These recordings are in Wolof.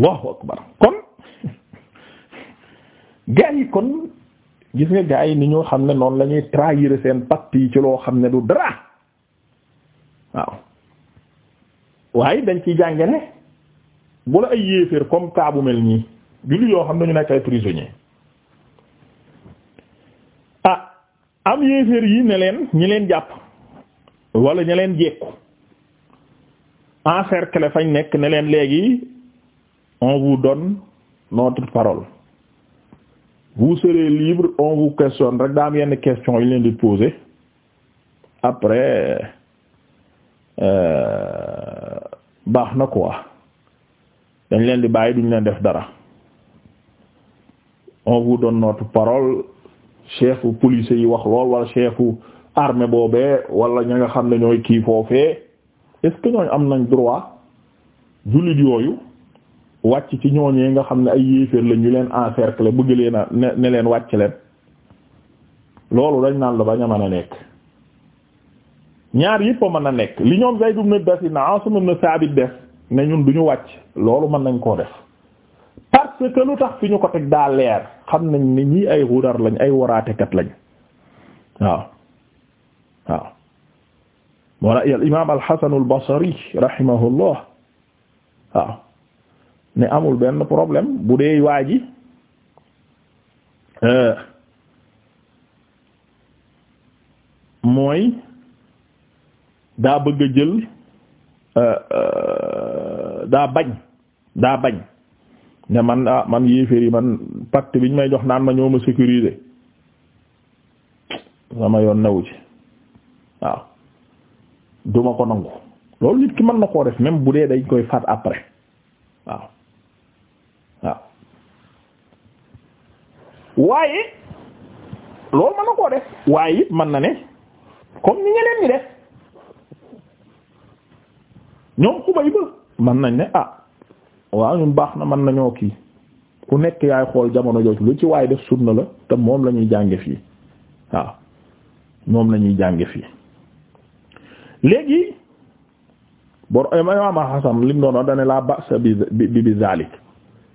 allahu akbar kon gaa yi kon gis nga gaa yi ni ñoo xam ne noonu lañuy ñuy seen pacte yi ci loo xam ne du dara waaw waaye dañ ciy jànge ne bu la ay yéeféer comme cas mel nii julli yoo xam ne ñu nekk ay prisonnier ah am yéeféer yi ne leen ñi leen jàpp wala ñi leen jekku encercler fañ nekk ne leen léegi on vous donne notre parole vous serez libre on vous rek daa am yenn question yu leen di poser après euh, baax na quoi dañ leen di bàyyi duñ leen def dara on vous donne notre parole chef police yi wax lool wala chef armée boobee wala ña nga xam ne ñooy kii foofee est-ce que ñooñ am nañ droit jullit yooyu wàcc ci ñooñee nga xam ne ay yéeféer la ñu leen encercler bëgg leen a ne ne leen wàcc leen loolu dañ naan la bañ a mën a nekk ñaar yëpp a mën a nekk li ñoom Zayd ibn Basin Asim ibn Sabit def ne ñun du ñu wàcc loolu mën nañ koo def parce que lu tax fi ñu ko teg daa leer xam nañ ne ñii ay xudar lañ ay waraatekat lañ waaw waaw moo la al imaam al Hasan al waaw ne amul benn problème bu dee waa ji euh, mooy daa bëgg a jël euh, euh, daa bañ daa bañ ne man ah man yéeféer yi man pacte biñ may jox naan ma ñoo ma sécuriser sama yoon newu ci waaw duma ko nangu loolu nit ki mën na koo def même bu dee dañ koy faat après waaw waaye loolu mën na koo def waaye it mën na ne comme ni ñeneen ñi def ñoom xubay ba mën nañ ne ah waaw ñun baax na mën nañoo kii ku nekk yaay xool jamono jooju lu ci waaye def sunna la te moom la ñuy jànge fii waaw moom lañuy jànge fii léegi bor a Hasan lim doon wax dane la ba'sa bi bi bi zalik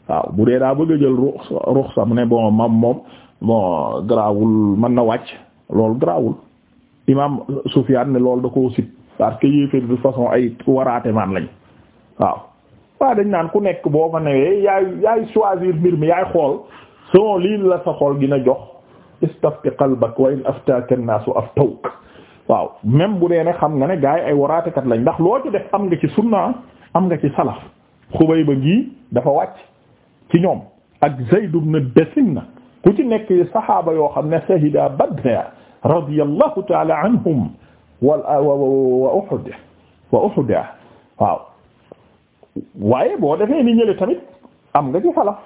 waaw bu dee daa bëgg a jël rux ruxsa mu ne bon ma moom moo grawul man na wàcc loolu grawul imam Sufyaan ne loolu da koo sit parce que yéeféer de façon ay waraate maan lañ waaw waaw dañ naan ku nekk boo fa newee yaay yaay choisir mbir mi yaay xool selon lii la sa xool dina jox istafti qalbak wa in aftaka an-naas aftawk waaw même bu dee ne xam nga ne gars yi ay waraatekat lañ ndax loo ci def am nga ci sunna am nga ci salaf xubay ba gii dafa wàcc ci ñoom ak Zayd ibn Dasinna ku ci nekk saxaaba yoo xam ne shahida Badr radiyallahu ta'ala anhum wa wa Uhud wa Uhud waaw waaye boo defee ni ñële tamit am nga ci salaf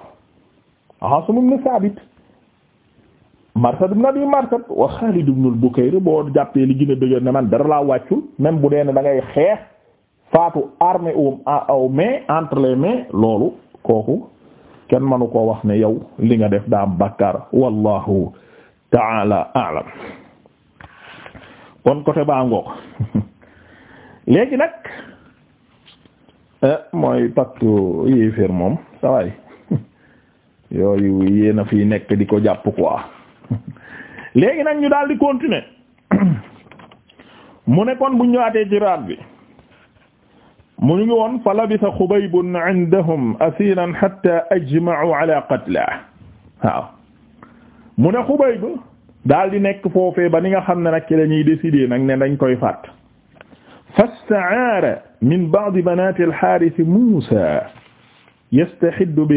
Aasim ibn Saabit Marsad ibn Abi Marsad wa Xaalid ibn al boo jàppee li gën a dëgër ne man dara laa wàccul même bu dee ne da ngay xeex faatu armée au mais entre les loolu kooku kenn manu koo wax ne yow li nga def daa am bàkkaar wallahu taala alam kon côté baa ngoog léegi nag eh, mooy pacte yéeféer moom sawaay yooyu yéen a fiy nekk di ko jàpp ko quoi léegi nag ñu daal di continuer mu ne kon bu ñëwaatee ci raat bi mu ngi woon fa labisa xubaybun indahum asiran hatta ajma'u ala qatlihi mu ne xubayb daal di nekk foofee ba ni nga xam ne nag ci la ñuy nag ne dañ koy fa fasta'ara min ba'di banati al-harith musa bi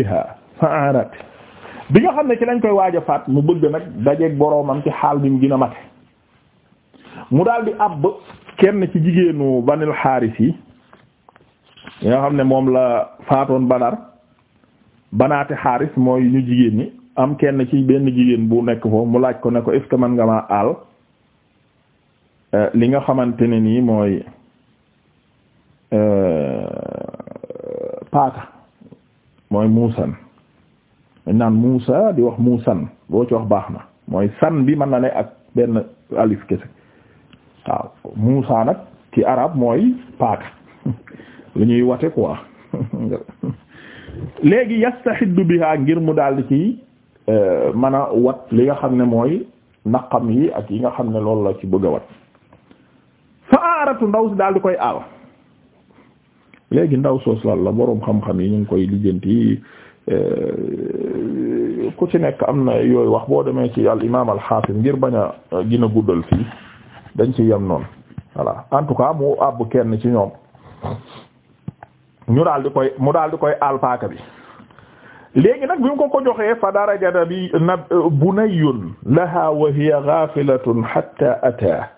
nga xam ne ci lañ koy waaja fat mu bëgg nag dajeeg boroomam ci xaal bi mu gën a mate mu daal di àbb kenn ci jigéenu banil xaaris yi nga xam ne moom la faatoon Badar banaate xaaris mooy ñu jigéen ñi am kenn ci benn jigéen bu nekk foofu mu laaj ko ne ko est-ce man nga maa aal euh, li nga xamante ne nii mooy euh, paaka mooy muusan dañ naan muusa di wax muusan boo ci wax baax na mooy san bi mën na ne ak benn alif kese waaw muusa nag ci arab mooy paaka li ñuy wate quoi léegi yastahiddu biha ngir mu daldi ci euh, mën a wat li nga xam ne mooy naqam yi ak yi nga xam ne loolu la ci bëgg a wat fa aaratu ndaw si daldi koy aal léegi ndaw soos la la boroom xam-xam yi ñu ngi koy lijjanti euh, ku ci nekk am na yooyu wax boo demee ci al imaam ngir bañ a euh, gën a guddal fii dañ ci yem noonu voilà en tout cas mu àbb kenn ci ñoom ñu daal di koy mu daal di koy alpaaka bi léegi nag bi mu ko ko joxee fa darajata bi na bunayun laha wa hiya ghafilatun hatta ata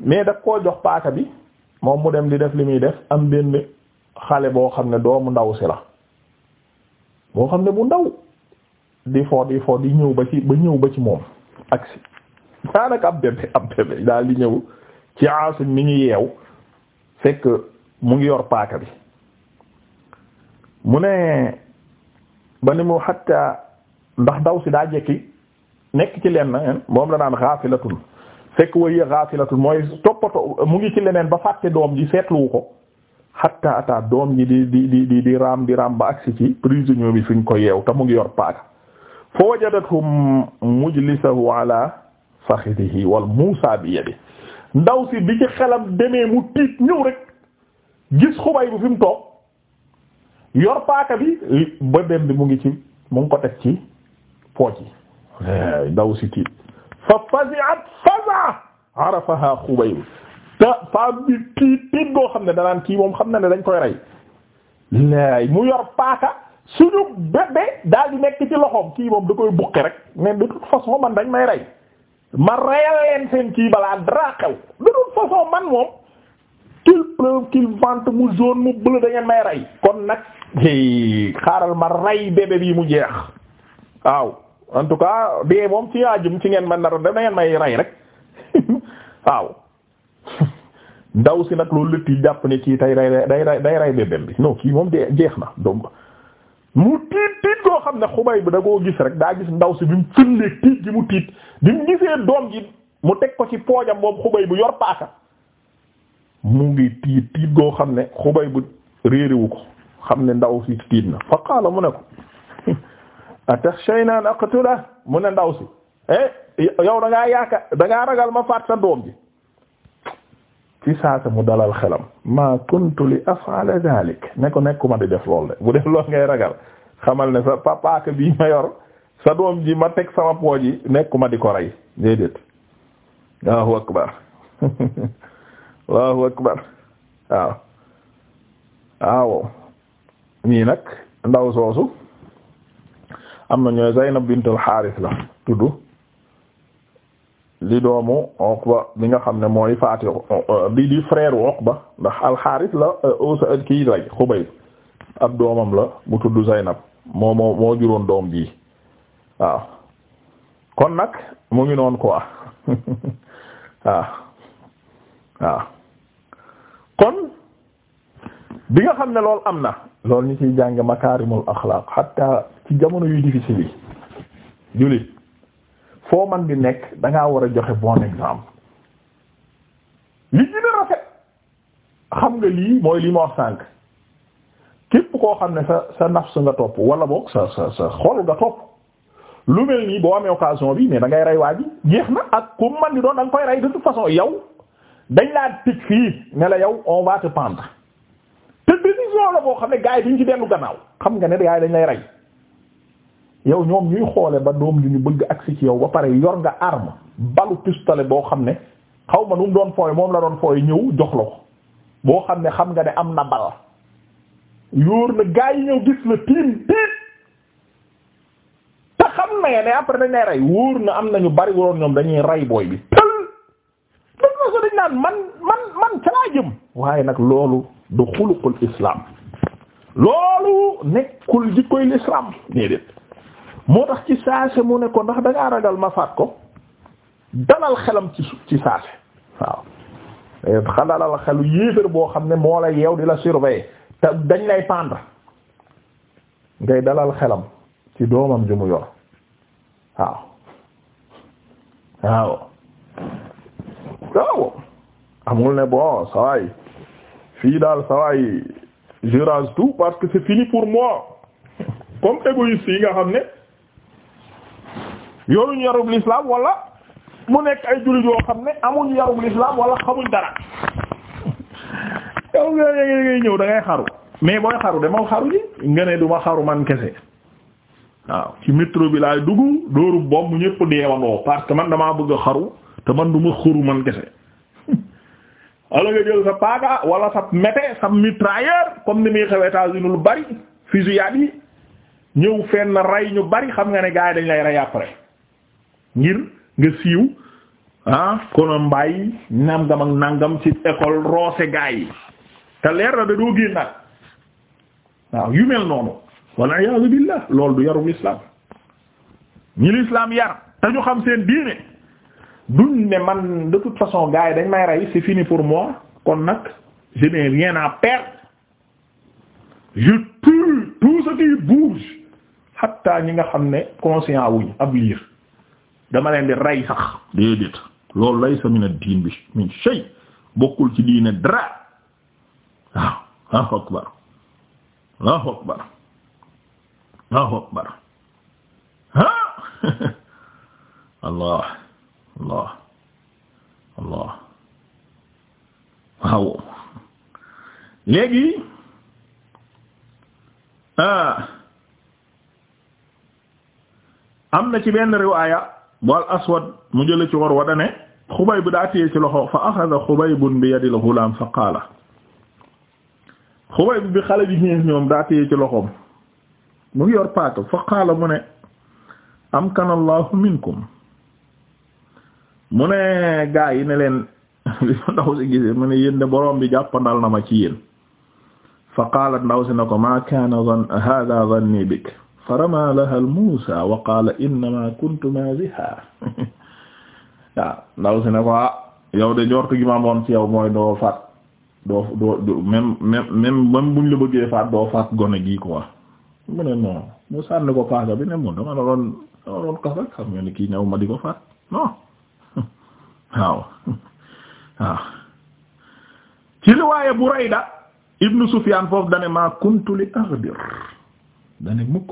mais daf koo jox paaka bi moom mu dem di def li muy def am benn xale boo xam ne doomu ndaw si la boo xam ne bu ndaw di fo di fo di ñëw ba ci ba ñëw ba ci moom ak si daanaka ab bébé ab bébé daal di ñëw ci aasim mi ñu yeew fekk mu ngi yor paaka bi mu ne ba ni mu xatta ndax ndaw si daa jekki nekk ci leen na moom la naan xaafilatun fekk wa hiya xaafilatun mooy toppatoo mu ngi ci leneen ba fàtte doom ji seetluwu ko xatta ata doom ji di di di di di raam di raam ba agsi ci prisonnier bi fi ñu ko yeew te mu ngi yor paaka fa wajadathum mujlisahu ala faxidihi wal muusa bi yadi ndaw si bi ci xelam demee mu tiit ñëw rek gis xubay bu fi mu toog yor paaka bi ba bi mu ngi ci mu ngi ko teg ci pooj yi eh, ndaw si tiit fa fazi'at faza arafaha xubay te femme bi tiit tiit xam ne danaan kii moom xam na ne dañ koy rey laay mu yor paaka suñu bébé daal di nekk ci loxoom kii moom da koy buqi rek mais de toute façon man dañ may rey ma reyal leen seen kii balaa dara xew de toute façon man moom qu'il pleuve mu jaune mu bleu da may rey kon nag xaaral ma rey bébé bi mu jeex waaw en tout cas dee moom ci yaajum ci ngeen man nar da ngeen may rey rek waaw ndaw si nag loolu lëtt yi jàpp ne ci tay rey day day rey bébém bi non kii moom de jeex na donc mu tiit tiit koo xam ne xubay bi da koo gis rek daa gis ndaw si bi mu fëllee tiit gi mu tiit bi mu gisee doom ji mu teg ko ci poojam moom xubay bu yor paaka mu ngi tiit tiit goo xam ne xubay bu réeréwu ko xam ne ndaw si tiit na fa qaala mu ne ko atakhshayna an aqtula mu ne ndaw si eh yow da ngaa yaakaar ragal ma faat sa doom ji ci saasa mu dalal xelam ma kuntu li af'ala dhalik ne ko nekkuma di def lool de bu def lool ngay ragal xamal ne sa papaaka bii ma yor sa doom ji ma teg sama pooj yi nekkuma di ko rey déedéet Allahu akbar allahu akbar waaw waaw ñii nag ndaw soosu am na ñooy Zaynab bintul Xaaris la tudd li doomu Uqba bi nga xam ne mooy faati di di frère Uqba ndax alxaaris la ausa euh, euh, lay Xubayb ab doomam la bu tudd Zaynab moo moo moo juróon doom bi waaw kon nag mu ngi noon waaw waaw kon bi nga xam ne loolu am na loolu ñu ciy jànge makaarimul axlaaq xatta ci jamono yu difficile yi jullit foo man di nekk dangaa war a joxe bon exemple li gën a rafet xam nga lii mooy lii ma wax sànq képp koo xam ne sa sa nafs nga topp wala boog sa sa sa xol nga topp lu mel nii boo amee occasion bi mais da ngay rey waa ji jeex na ak ku man di doon da koy rey de toute façon yow dañ laa tëj fii ne la yow on va te pendre la boo xam ne gars yi duñ ci dellu gannaaw xam nga ne dañ lay rey yow ñoom ñuy xoole ba doom li ñu bëgg agsi ci yow ba pare yor nga arme balu pistolet boo xam ne xaw ma nu mu doon fooy moom la doon fooy ñëw jox la ko boo xam ne xam nga ne am na bal yóor na gars yi ñëw gis la tiim tiim te xam na ne après dañ lay rey wóor na am na ñu bari woon ñoom dañuy rey booy bi. man man man ca laa jëm waaye nag loolu du xuluqul islam loolu nekkul jikkoy l'islam déedéet moo tax ci saase mu ne ko ndax da ragal ma faat ko dalal xelam ci ci saase waaw eh, xandalal xelu yéefér boo xam ne moo la yeew di la surveiller dañ lay pendre ngay dalal xelam ci doomam ju mu waaw waaw waaw amul ne bon sawaay fii daal sawaay je tout parce que c'est fini pour moi comme égoïste yi nga xam ne yoruñ yarub l'islam wala mu nekk ay jullit yoo xam ne amuñ yarub l'islam wala xamuñ dara yow nga ngay ñëw da ngay xaru mais booy xaru demal xaru ji nga ne du ma xaru man kese waaw ci métro bi laay dugg dóoru bomb ñëpp deewandoo parce que man damaa bëgg a xaru te man du ma xaru man kese ala nga jël sa paaga wala sa mete sa mitrailleur comme ni muy xew États-Unis lu bari fusillade yi ñëw fenn rey ñu bari xam nga ne gars dañ lay rey après ngir nga siiw ah Columbine nangam ak nangam ci école roose gars yi te leer da doo génn nag waaw yu mel noonu walla iyaazu billah loolu du yarum islam ñi l'islam yar te ñu xam seen diine duñ ne man de toute façon gars dañ may rey c'est fini pour moi kon nag je n'ai rien à perdre je tue tout ce qui bouge ñi nga xam ne conscient wuñ ab liir dama leen di rey sax déedéet loolu lay sa mina diin bi min shay bokkul ci diine dara waaw Allahu akbar Allahu akbar Allahu akbar ha Allah allah waaw léegi ah, am na ci benn riwaaya bu al aswad mu jële ci war wa dane xubayb daa téye ci loxo fa axada xubaybun bi yadil gulaam fa qaala xubayb bi xale bi ñees ñoom daa téye ci loxoom mu ngi yor paaka fa qaala mu ne amkanallahu minkum mu ne gaa yi ne leen bi ndaw si gisee mu ne yéen de borom bi jàppandal na ma ci yéen fa qaalat ndaw si na ko ma kaana hada zanni bik fa rama laha muusa wa qaala innama kuntu maaziha waaw ndaw si na ko ah yow de njortu gi ma moon ci yaw mooy doo faat doo doo faat doo faat gone gi quoi mu ne non mu sànni ko paaka bi ne mu dama la doon dama doon kaf rek xam nga ne kii ñëw ma di ko faat non waaw waaw ci riwaaya Burayda ibnu Sufyaan foofu dane maa kuntu li aghdir dane mukk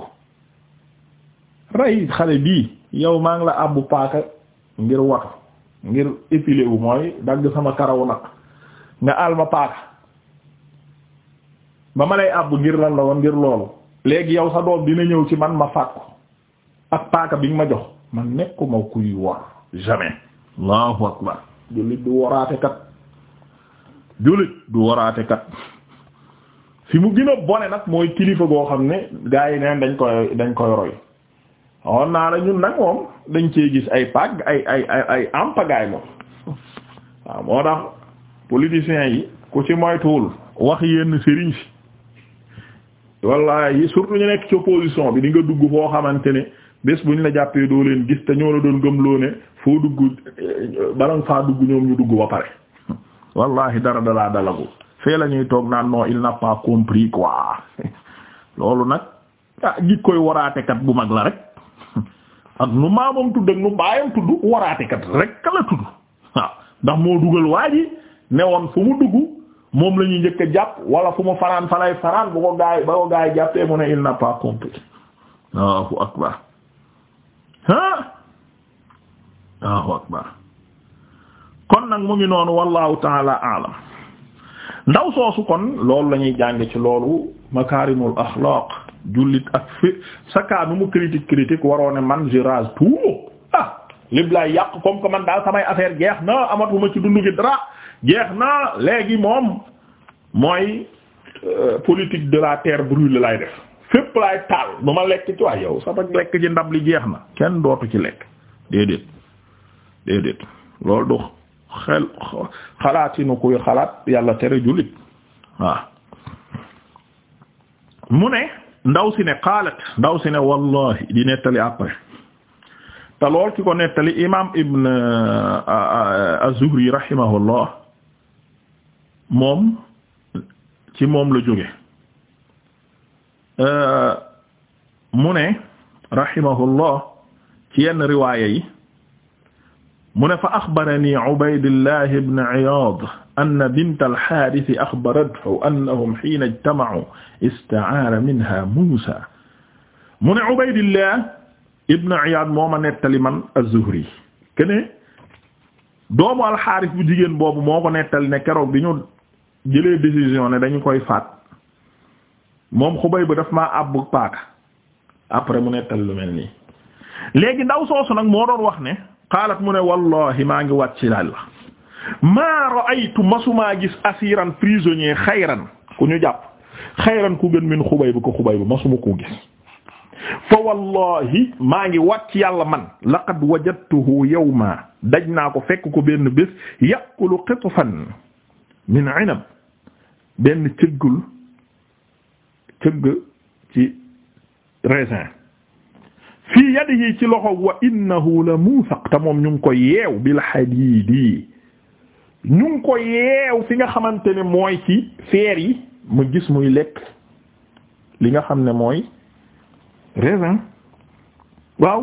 ray xale bii yow maa ngi la àbbu paaka ngir watu ngir épiler wu mooy dagg sama karaw nag nga alma paaka ba ma lay àbbu ngir lan la woon ngir loolu léegi yow sa doom dina ñëw ci man ma fàkku ak paaka bi nga ma jox man nekkuma kuy war jamais allahu akbar jullit du waraate kat jullit du waraate kat fi mu gën a bone nag mooy kilifa goo xam ne gaa yi neen dañ koy dañ koy roy on naa la ñun nag moom dañ cee gis ay pag ay ay ay ay ampagaay moom waaw moo tax politiciens yi ku ci moytuwul wax yenn sëriñ si wallaahi surtout ñu nekk ci opposition bi di nga dugg foo xamante ne bés buñ la jàppee doo leen gis te ñoo la doon gëmloo ne foo dugg balan faa dugg ñoom ñu dugg ba pare wallahi dara dalaa dalagul fee la ñuy toog naan non il n'a pas compris quoi loolu nag ah gi koy waraatekat bu mag la rek ak nu maamam tudd ak nu baayam tudd waraatekat rek la tudd ah, ndax moo dugal waa ne woon fu mu dugg moom lañuy njëkk jàpp wala fu mu faraan falay faraan bu ko gaay ba ko gaay jàppee mu ne il n'a pas compris waaw fu akbar ah Allahu akbar kon nag mu ngi noonu wallahu taala alam ndaw soosu kon loolu la ñuy jàng ci loolu makarimul axlaaq jullit ak fi sa kaa mu critique critique waroo ne man je rase ah lépp laay yàq comme que man daal samay affaire jeex na amatuma ci dundu gi dara jeex na léegi moom mooy euh, politique de la terre brûlée laay def fépp laay taal bu ma lekk ci waaye yow sama lekk ci ndab li jeex na kenn dootu ci lekk déedéet déedéet loolu du xel xalaatinu kuy xalaat yàlla tere julit waaw mu ne ndaw si ne qaalat ndaw si ne wallahi di nettali après te lool ki ko nettali imam ibn euh, euh, az-Zuhri rahimahullah moom ci moom la jóge Euh, mu ne rahimahullah ci yenn riwaaya yi mu ne fa axbarani Ubaydullah ibn Iyaad anna bint al-Haaris axbarathu annahum hiina ijtama'uu ista'aara minhaa Muusaa mu ne Ubaydullah ibn Iyaad moo ma nettali man az kene doomu al-Haaris bu jigéen boobu moo ko nettali ne keroog bi ñu jëlee décision ne dañu koy faat moom xubay bu daf maa àbbu paaka après mu nettal lu mel ni léegi ndaw soosu nag moo doon wax ne qaalat mu ne wallahi maa ngi wat ci laal la maa ra'aytu masumaa gis asiran prisonnier xayran ku ñu jàpp xayran ku gën min xubay bu ko xubay bu masuma koo gis fa wallahi maa ngi wat ci yàlla man laqad wajadtuhu yowma daj naa ko fekk ko benn bés yaqulu qitfan min inab benn cëggul këgg ci raisin fii yadihi ci loxo wa la muusaq te moom ñu ngi ko yeew bil hadiidi ñu ngi ko yeew fi nga xamante ne mooy ci feer yi mu gis muy lekk li nga xam ne mooy raisin waaw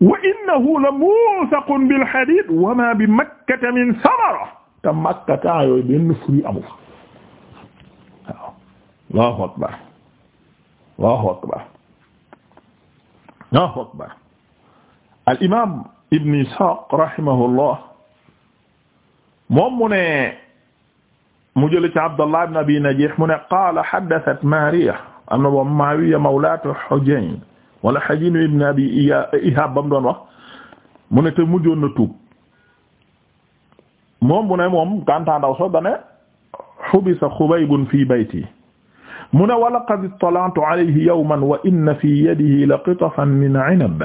wa innahu la muusaqun bil hadiid wa bi makkata min samara te makkata benn fruit amu fa Allahu akbar Allahu akbar Allahu akbar al imaam Ibn Ishaq rahimahullah moom mu ne mu jële ci Abdallah ibn Abi Najih mu ne qaala haddathat Maariya am na moom Maawiya mawlaatu Hujayn wala Hujayn ibn Abi Ihaab ba mu doon wax mu ne te mujjoon na tuub moom mu ne moom gàntaa ndaw so dane xubisa Xubaybun fii bayti mu ne wala laqad ittalaatu alayhi yawman wa inna fi yadihi la qitafan min inab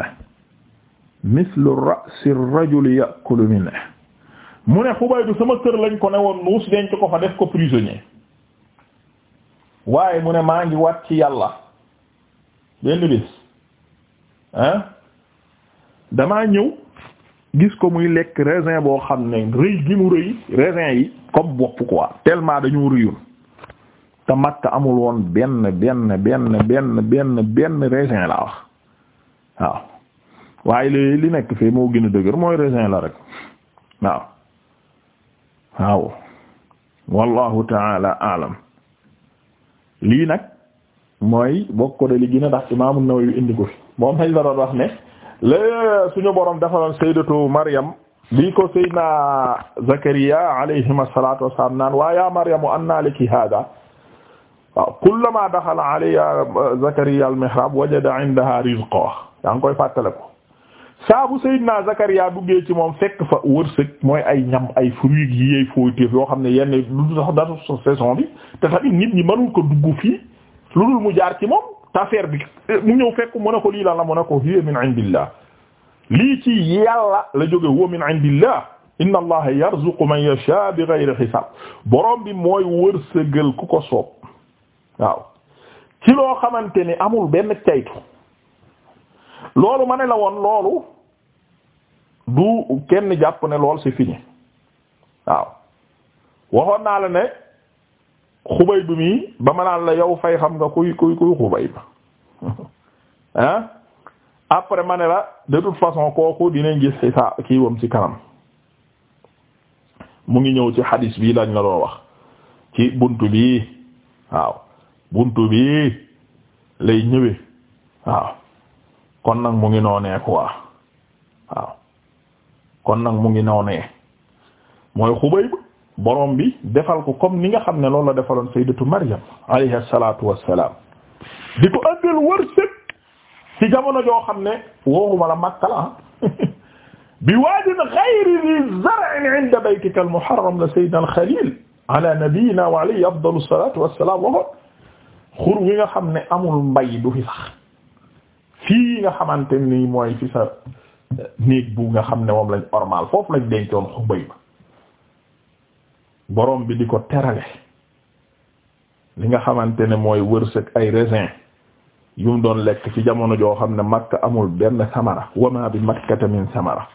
mislu ra'si rajuli ya'kulu minhu mu ne Xubaydu sama kër lañ ko ne woon nuus denc ko fa def ko prisonnier waaye mu ne maa ngi wat ci yàlla benn bis ah damaa ñëw gis ko muy lekk raisin boo xam ne rëy gi mu rëy raisin yi comme bopp quoi tellement dañu rëyul te Makka amul woon benn benn benn benn benn benn raisin la wax waaw waaye li li nekk fee moo gën a mooy raisin la rek waaw waaw wallahu taala alam lii nag mooy bokko de li gën a tax Imaamu Nawawi indi ko fi moom lañ la doon wax ne lé suñu borom defaloon sayyidatu Maryam bi ko Seydina Zakariya alayhim asalatu wassalam naan waa ya Maryamu anna laki hada waaw kullama daxala alayya Zakariya al-mihrab wajada indaha rizqa yaa ngi koy fàttale ko saabu Seydina Zakariya duggee ci moom fekk fa wërsëg mooy ay ñam ay fruits yi yey fooyteef yoo xam ne yenn lu tax datu saison bi te tamit nit ñi mënul ko dugg fii lu dul mu jaar ci moom tafeer bi mu ñëw fekk mu ne ko lii la la mu ne ko hiya min indillah lii ci yàlla la jóge huwa min indillah inna allaha yarzuqu man yasha bi ghayri hisab borom bi mooy wërsëgal ku ko soob waaw ci loo xamante ni amul benn caytu loolu ma ne la woon loolu du kenn jàpp ne lool c'est fini waaw waxoon naa la ne xubay bi mii ba ma naan la yow fay xam nga kuy kuy kuy xubay ba après ma ne la de toute façon kooku dina gis ci kii wam ci kanam mu ngi ñëw ci hadis bii lañ la doon wax ci bunt bi waaw buntu bi lay ñëwee kon nag mu ngi noonee quoi kon nag mu ngi noonee mooy Xubayb borom bi defal ko comme ni nga xam ne loolu la defaloon sayyidatu Maryam alayha salaatu wassalaam di ko andil wërsëg ci jamono joo xam ne wooxuma la Makka la bi waadin ghayri dhi zar'in 'inda baytika al la sayyidina al ala nabiyyina wa alayhi afdalu salaatu wassalaam xur wi nga xam ne amul mbay du fi sax fii nga xamante ni mooy fi sa euh, néeg bu nga xam ne moom lañ ormal foofu lañ dencoon xubay ba borom bi di ko terale li nga xamante ne mooy wërsëg ay raisin yum doon lekk ci jamono joo xam ne Makka amul benn samara wama bi makkata min samara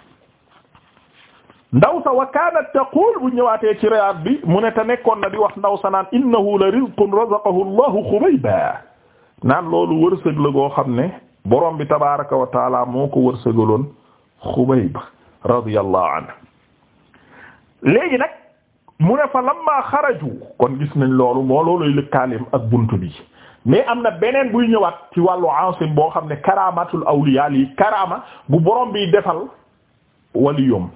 ndaw sa wa kaanat taqul bu ñëwaatee ci riyaad bi mu ne te nekkoon na di wax ndaw sa naan innahu la rizqun razaqahu allahu xubayba naan loolu wërsëg la goo xam ne borom bi tabaraka wa moo ko wërsëgaloon xubayba radiyallahu anhu léegi nag mu ne fa lamma xaraju kon gis nañ loolu moo la lëkkaalim ak bunt bi mais am na beneen buy ñëwaat ci wàllu ansim boo xam ne karamatul awliya yi karama bu borom bi defal waliyum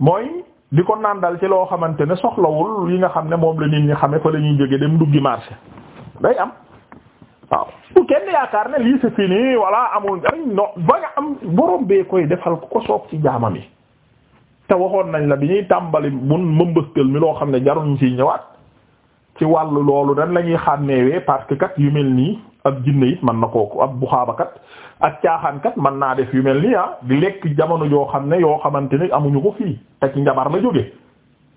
mooy di ko naan dal ci loo xamante ne soxlawul yi nga xam ne moom la nit ñi xame fa la ñuy jóge dem duggi marché day am waaw bu kenn yaakaar ne lii c'est fini walla amul njariñ no ba nga am borom bee koy defal ku ko soog ci jaamam yi te waxoon nañ la bi ñuy tàmbali mun mëmbëstal mi loo xam ne jaruñ ciy ñëwaat ci wàllu loolu dan lañuy ñuy xàmmeewee parce que kat yu mel nii ab jinne it mën na kooku ab buxaabakat ak caaxaankat mën naa def yu mel ni ah di lekk jamono joo xam ne yoo xamante ne amuñu ko fii te ci njabar la jóge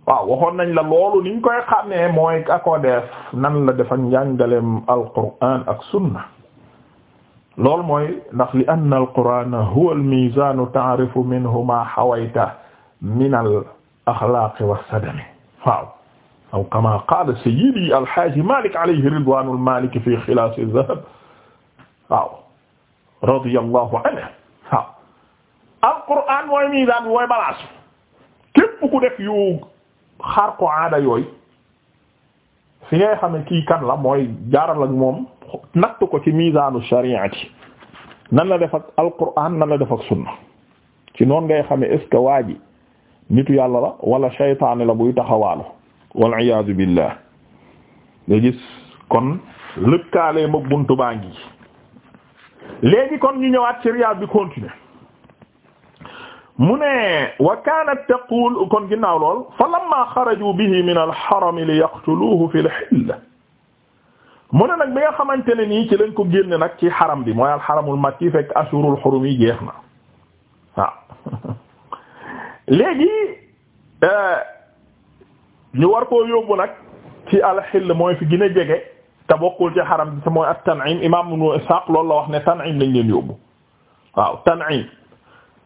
waaw waxoon nañ la loolu niñ koy xàmmee mooy akoo def nan la dafa njàngaleem alquran ak sunna loolu mooy ndax li anna alqurana huwa almizanu taarifu minhu ma xawayta min al axlaaqi wa sadami waaw aw kama qaala sayyidi alhaaji Malik alayhi ridwaanul Maliki fi xilaas az-zahab waaw radiyallahu anhu waaw alquraan mooy miisaan mooy balance képp ku def yu xaar ko aada yooyu fi ngay xam ne kii kan la mooy jaaral ak moom natt ko ci miisaanu shari'ati nan la def ak alquraan nan la def ak sunna ci noonu ngay xam ne est-ce que waa ji nitu yàlla la wala shaytaani la buy taxawaalu wal iyaadu billah nga gis kon lëkkaalee mag buntu baa ngi léegi kon ñu ñëwaat ci riyaad bi continuer mu ne wa kaanat taqul kon ginnaaw lool fa lamma xaraju bihi min alxaram li yaqtuluhu fi lxill mu ne nag bi nga xamante ne nii ci lañ ko génne nag ci xaram bi mooy alxaramul makki fekk ashurul xurum yi jeex na waaw léegi euh, ñu war koo yóbbu nag ci alxill mooy fi gën a jege te bokkul ci xaram bi te mooy ak Tan'im imam Ibn Ishaq loolu la wax ne Tan'im lañ leen yóbbu waaw Tan'im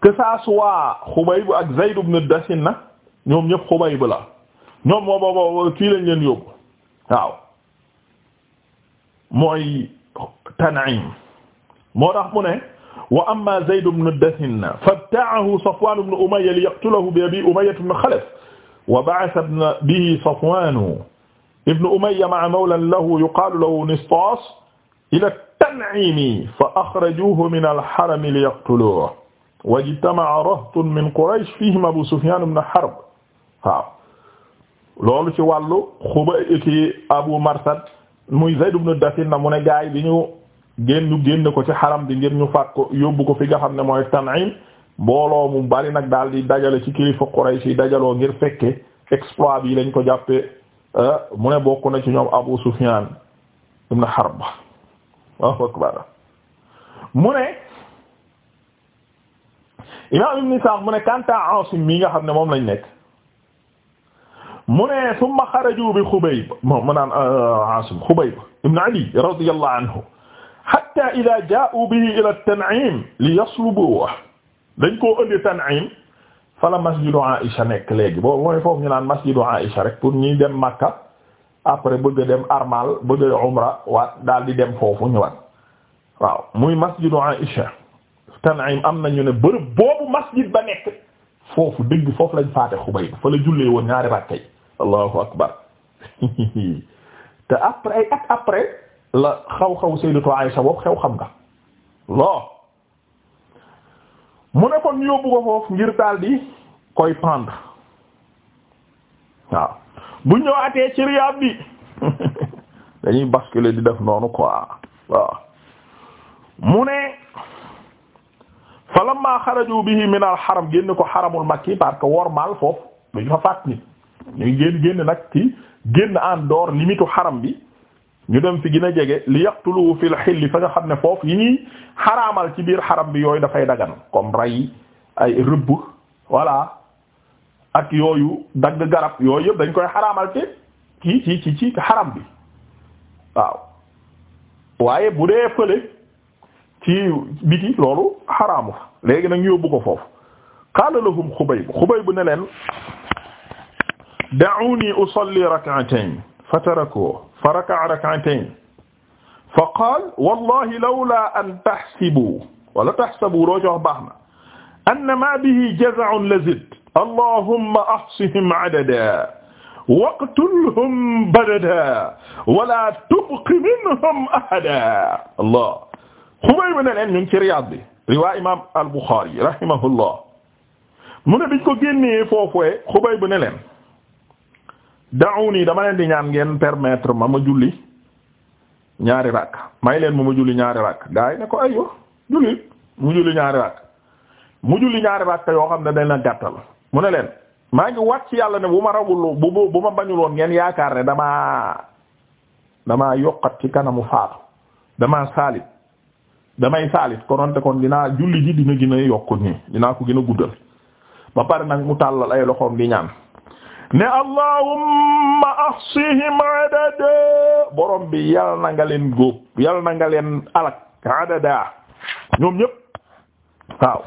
que ça soit Xubayb ak Zayd ibn Dasina ñoom ñëpp Xubayb la ñoom kii lañ leen yóbbu waaw mooy Tan'im mu ne wa amma Zayd ibn Dasina fabta'ahu Safwan ibn Umayya liyaqtulahu bi Abi Umayya ibn wa ba'atha bihi Safwaan ibnu Umayya ma'a mawlan lahu yuqaalu lahu Nistaas ila Tan'iimi fa axrajuuhu mina al-harami liyaqtuluuhu wajtama'a rahtun min Quraysh fiihim Abu Sufyaan ibnu Harb waaw loolu ci wàllu xuba ci Abu Marsad muy Zayd ibnu Dathina mu ne gaay bi ñu génn génn ko ci xaram bi ngir ñu faat ko yóbbu ko fi nga xam ne mooy Tan'iim mbooloo mu bari nag daal di dajale ci kilifa Quraysh yi dajaloo ngir fekke exploit bi lañ ko jàppee eh, mu ne bokk na ci ñoom Abu Sufyan ibn Harb Allahu akbar mu ne imam ibn Isaaq mu ne kanta Aasim mii nga xam ne moom lañ nekk mu ne summa xaraju bi Xubayb mu naan eh, Aasim Xubayb ibn Ali radiyallahu anhu hatta idha jaa'u bihi ila at-Tan'im li yaslubuhu dañ koo indi Tan'im fa la masjidu Aïcha nekk léegi boobu mooy foofu ñu naan masjidu Aïcha rek pour ñuy dem Makka après bëgg a dem Armal bëgg a umra waat daal di dem foofu ñëwaat waaw muy masjidu Aïcha Tan'im am nañu ne bërëb boobu masjid ba nekk foofu dëgg foofu lañ faate Xubayb fa la jullee woon ñaari rakkay allahu akbar te après ay après la xaw-xaw Sayyidatu Aïcha boobu xew xam nga lo mu ne kon yóbbu ko foofu ngir daldi koy pendre waaw bu ñëwaatee ci riyaab bi dañuy basculer di def noonu ko waaw mu ne falamma xaraju bihi min al xaram génn ko xaramul mag parce que wormal foofu duñ fa fàtt nit ñu génn génn nag ci génn en dehors limite xaram bi ñu dem fi gën a jege li yaqtulu fil xilli fa nga xam ne foofu yi ñuy xaraamal ci biir xaram bi yooyu dafay dagan koom rey ay rëbb voilà ak yooyu dagg garab yooyu yëpp dañ koy xaraamal te ci ci ci ci xaram bi waaw waaye bu dee fële ci biti loolu xaraamu léegi nag yóbbu ko foofu qaala lahum Xubayb Xubayb ne leen da'uuni usalli rak'atayn fatarakuhu fa raka'a rak'atayn fa qaal wallahi lawla an tahsibu wala tahsabu loo ci wax baax na anna ma bihi jaz'un la zid allahumma ahsihim adada waqtulhum badada wala tubqi minhum ahada allah xubay bi ne leen ñu ngi ci Riyaad bi riwaa imam al-Bukhari rahimahullah mu ne biñ ko génnee foofee eh, xubay bi ne leen da'uni dama leen di ñaan ngeen permettre ma ma julli ñaari rakk may leen ma ma julli ñaari rakk gaa yi ne ko aywa julli mu julli ñaari rakk mu julli ñaari rakk yoo xam ne dañ la gàttal mu ne leen maa ngi wàcc yàlla ne bu ma rawul bu bu ma bañuloon ngeen yaakaar ne damaa damaa yokkat ci kanamu faatu damaa saalit damay saalit kononte kon dinaa julli ji dina gën a yokk nii dinaa ko gën a guddal ba pare nag mu tàllal ay loxoom di ñaan ne allahumma ahsihim adada borom bi yal na nga leen góob yal na leen alak adada ñoom ñépp waaw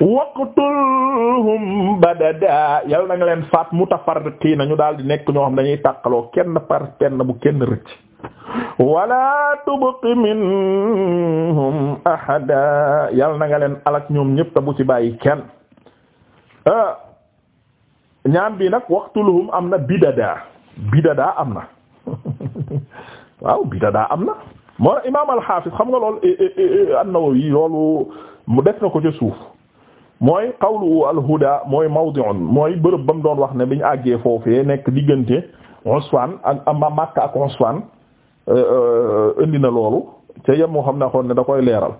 waqtulhum badada yal na nga leen faat mutafarriqina ñu daal di nekk ñoo xam dañuy tàqaloo kenn par kenn bu kenn rëcc wala tubqi minhum ahada yal na leen alak ñoom ñépp ta bu ci bàyyi kenn ah ñaan bi nag waqtuluhum am na bidada bidada am na waaw bidada am na moo imaam al-Hafiz xam nga lool eh, eh, eh, an-Nawawi loolu mu def na ko ca suuf mooy qawlu al-huda mooy mawdi'un mooy bërëb ba mu doon wax ne bi ñu àggee foofee nekk diggante Usfan ak Makka ak Usfan indi na loolu ca yem moo xam ne xoon da koy leeral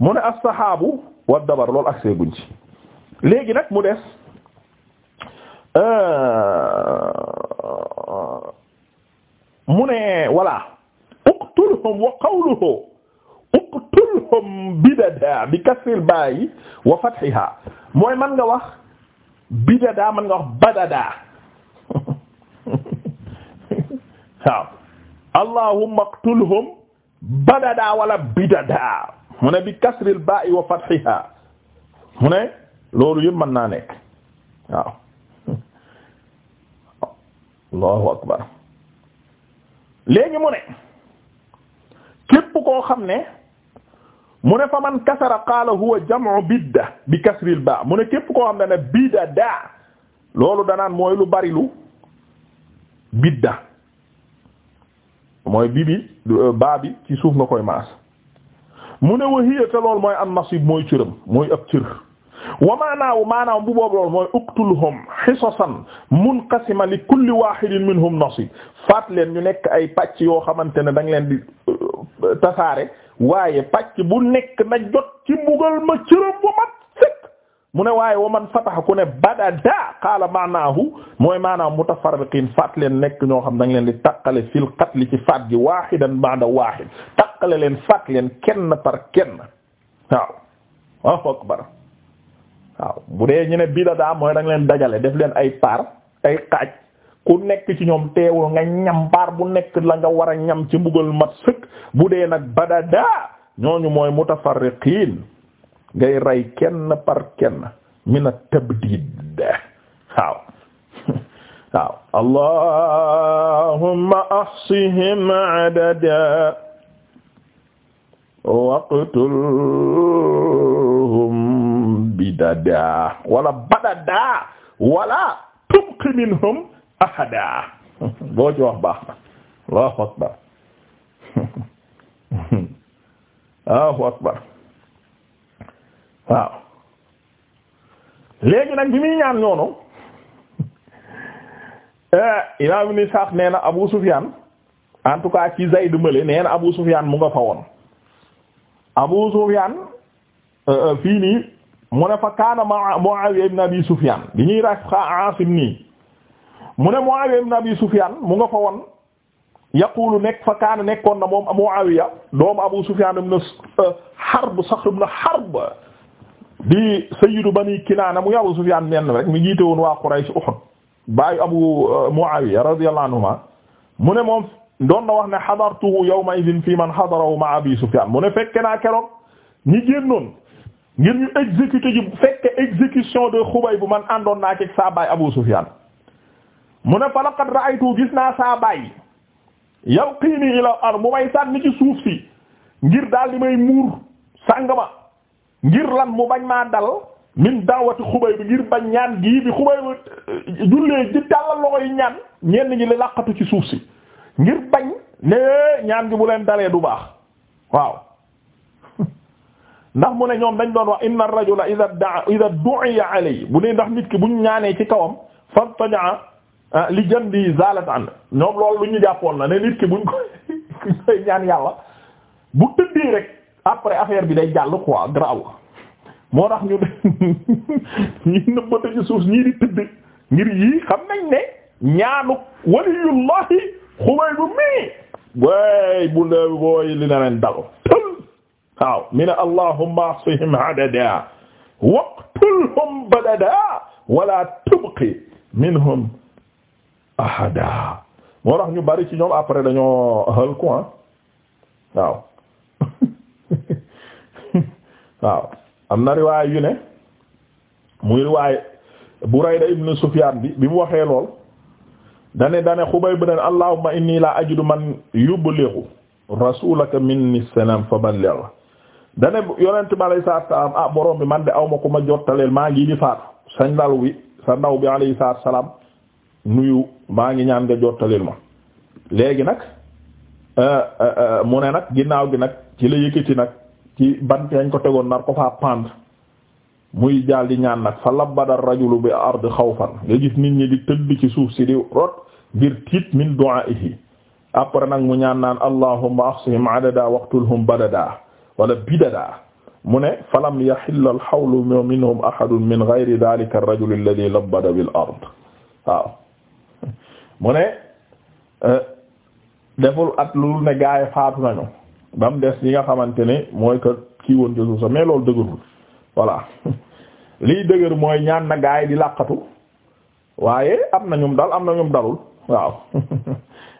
mu ne as-sahabu wa dabar loolu ak see guñ ci léegi nag mu des Euh, mu ne voilà uqtulhum wa qawluhu uqtulhum bidada bi kasril ba'i wa fathiha mooy man nga wax bidada mën nga wax badada waaw allahumma uqtulhum badada wala bidada mu ne bi kasril ba'i wa fathiha mu ne loolu yëpp mën naa nekk waaw allahu akbar léegi mu ne képp koo xam ne mu ne fa man kasara qaala huwa jam'u bidda bi kasril ba mu ne képp koo xam ne ne bidda daa loolu danaan mooy lu bari lu bidda mooy bibi baa bi ci suuf nga koy maas mu ne wa hiya te loolu mooy am nasib mooy cëram mooy ab cër wa maanaawu maanaam bu boobu loolu mooy uktuluhum xisasan munqasima li kulli wahidin minhum nasib faat leen ñu nekk ay pàcc yoo xamante ne da nga leen di euh, tasaare waaye pàcc bu nekk na jot ci mbugal ma cërëm bu mat sëkk mu ne waaye wa man fataha ku ne badada qaala maanaahu mooy maanaam mutafarriqin faat leen nekk ñoo xam da nga leen di taqale fil qatl ci faat gi waahidan ba'da waahid taqale leen faat leen kenn par kenn waaw waaw akbar waaw bu dee ñu bii la daa mooy da leen dajale def leen ay paar ay xaaj ku nekk ci ñoom teewul nga ñam paar bu nekk la nga war a ñam ci mbugal mat sëkk bu dee nag badada ñooñu mooy mutafarriqin ngay rey kenn par kenn mina tabdid waaw waaw allahumma ahsihim adada waqtulhum widada wala badada wala tubqi minhum ahada boo ci wax baax na Allahu akbar Allahu akbar waaw léegi nag bi muy ñaan noonu eh, imaam Ibn Ishaq nee na Abu Sufyan en tout cas ci Zayd male nee na Abu Sufyan mu nga fa woon Abu Sufyan euh, euh, fii mu ne fa kaana Muawiya ibn Abi Sufyan bi ñuy raaj Aasim nii mu ne Muawiya ibn Abi Sufyan mu nga fa won yaqulu nekk fa kaana nekkoon na moom Muawiya doomu Abu Sufyan ibn euh, Harb Saxr ibn Harb di sayyidu bani Kinaana muy Abu Sufyan menn rek mu jiite woon waa Quraysh Uhud baayu Abu euh, Muawiya radiyallahu anhuma mu ne moom doon na wax ne hadartuhu yawma idhin fi man hadarahu ma Abi Sufyan mu ne fekke naa keroog ñi génnoon ngir ñu exécuté ji fekke exécution de xubay bu man àndoon naa ci saa baay Abu Sufyaan mu ne fa laqad ra'aytu gis naa saa baay yalqiini ila al mu may ci suuf si ngir daal di may muur ngir lan mu bañ maa dal min daawati Xubayb bi ngir bañ ñaan gii bi Xubayb bi jullee ji dàllal loxo yi ñaan ñenn ñi li laqatu ci suuf si ngir bañ ne ñaan gi bu leen dalee du baax waaw ndax mu ne ñoom dañ doon wax inna ar-rajula idha da'a idha du'iya alayhi bu dee ndax nit ki buñ ñaanee ci kawam fartaja'a ah, li jandi zalat an ñoom loolu lu ñu jàppoon la ne nit ki buñ ko koy ñaan yàlla bu tëddee rek après affaire bi day jàll quoi graw moo tax ñu ñi nëbbata ci suuf ñii di tëdd ngir yii xam nañ ne ñaanu waliyullahi xubay bu mii way bu la booy li na leen dalo tël waaw mi ne allahumma ahsihim adada waqtulhum badada wala tubqi minhum ahada moo tax ñu bari ci ñoom après dañoo hal quoi ah, waaw waaw am na riwaay yu ne muy riwaay Burayda ibn Sufyan bi bi mu waxee lool dane dane Xubayb dane allahumma inni la ajidu man yublighu rasulaka minni salam fa balligh dane yonent bi alayhi at salaam ah borom bi man di aw ma ku ma jottaleel maa ngi di faatu sañ ndaw wi sa ndaw bi alayhi salaatu salaam nuyu maa ngi ñaan nga jottaleel ma léegi nag euh, euh, euh, mu ne nag ginnaaw gi nag ci la yëkkati nag ci bant yañ ko tegoon nar ko faa pendre muy jaal di ñaan nag fa labbadal rajulu bi ard xawfan nga gis nit ñi di tëdd ci suuf si di rot ngir tiit min du'a'ihi après nag mu ñaan naan allahumma axsihim adada waqtulhum badada wala bidada mu ne falam yaxilla alxawlu minhum ahadun min gayri dalika alrajul alladi labbada bil ard waaw mu ne euh, deful at lu ne gaay faatu nañu ba mu des yi nga xamante ne mooy que kii woon ci suuf sax mais loolu dëgërul voilà lii dëgër mooy ñaan na gaay di làqatu waaye am na ñum dal am na ñum dalul waaw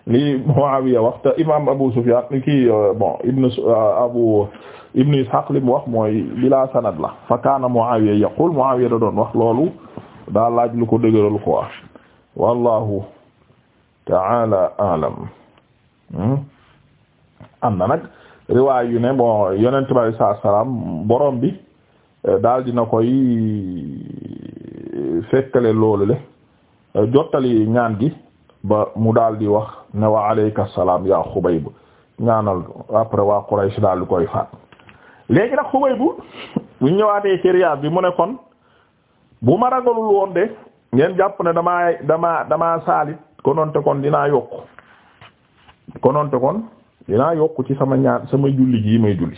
li Muawiya wax te imaam Abu Sufyan kii euh, bon euh, Abu ibn Ishaq li mu wax mooy bila sanad la fa kaana Muawiya yaqul Muawiya da doon wax loolu daa laaj lu ko dëgëral ko wax wallahu ta'ala a'lam hmm? am na nag riwaay yu ne bon yonent bi alayhi salaatu borom bi euh, daal dina koy fekkale loolu le jottali ñaan gi ba mu daal di wax ne wa alayka salaam yaa Xubayb ñaanal après waa Quraysh daal koy fa léegi nag Xubayb bu ñëwaatee ci riyaad bi mu ne kon bu ma ragalul woon de ngeen jàpp ne damaa damaa damaa saalit kononte kon dinaa yokk kononte kon dinaa yokk ci sama ñaan sama julli ji may julli